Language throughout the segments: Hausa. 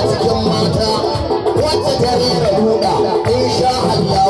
a cikin mata wacce ta rera buɗa in sha Allah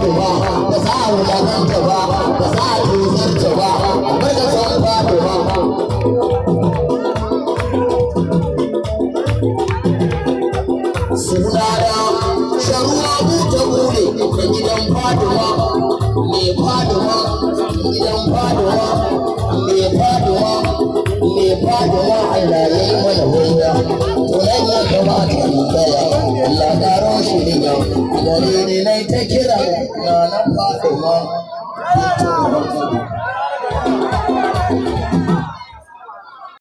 a a gidan Allah ya yi mana wuya Allah shirya wani ne na ta kira na na fatima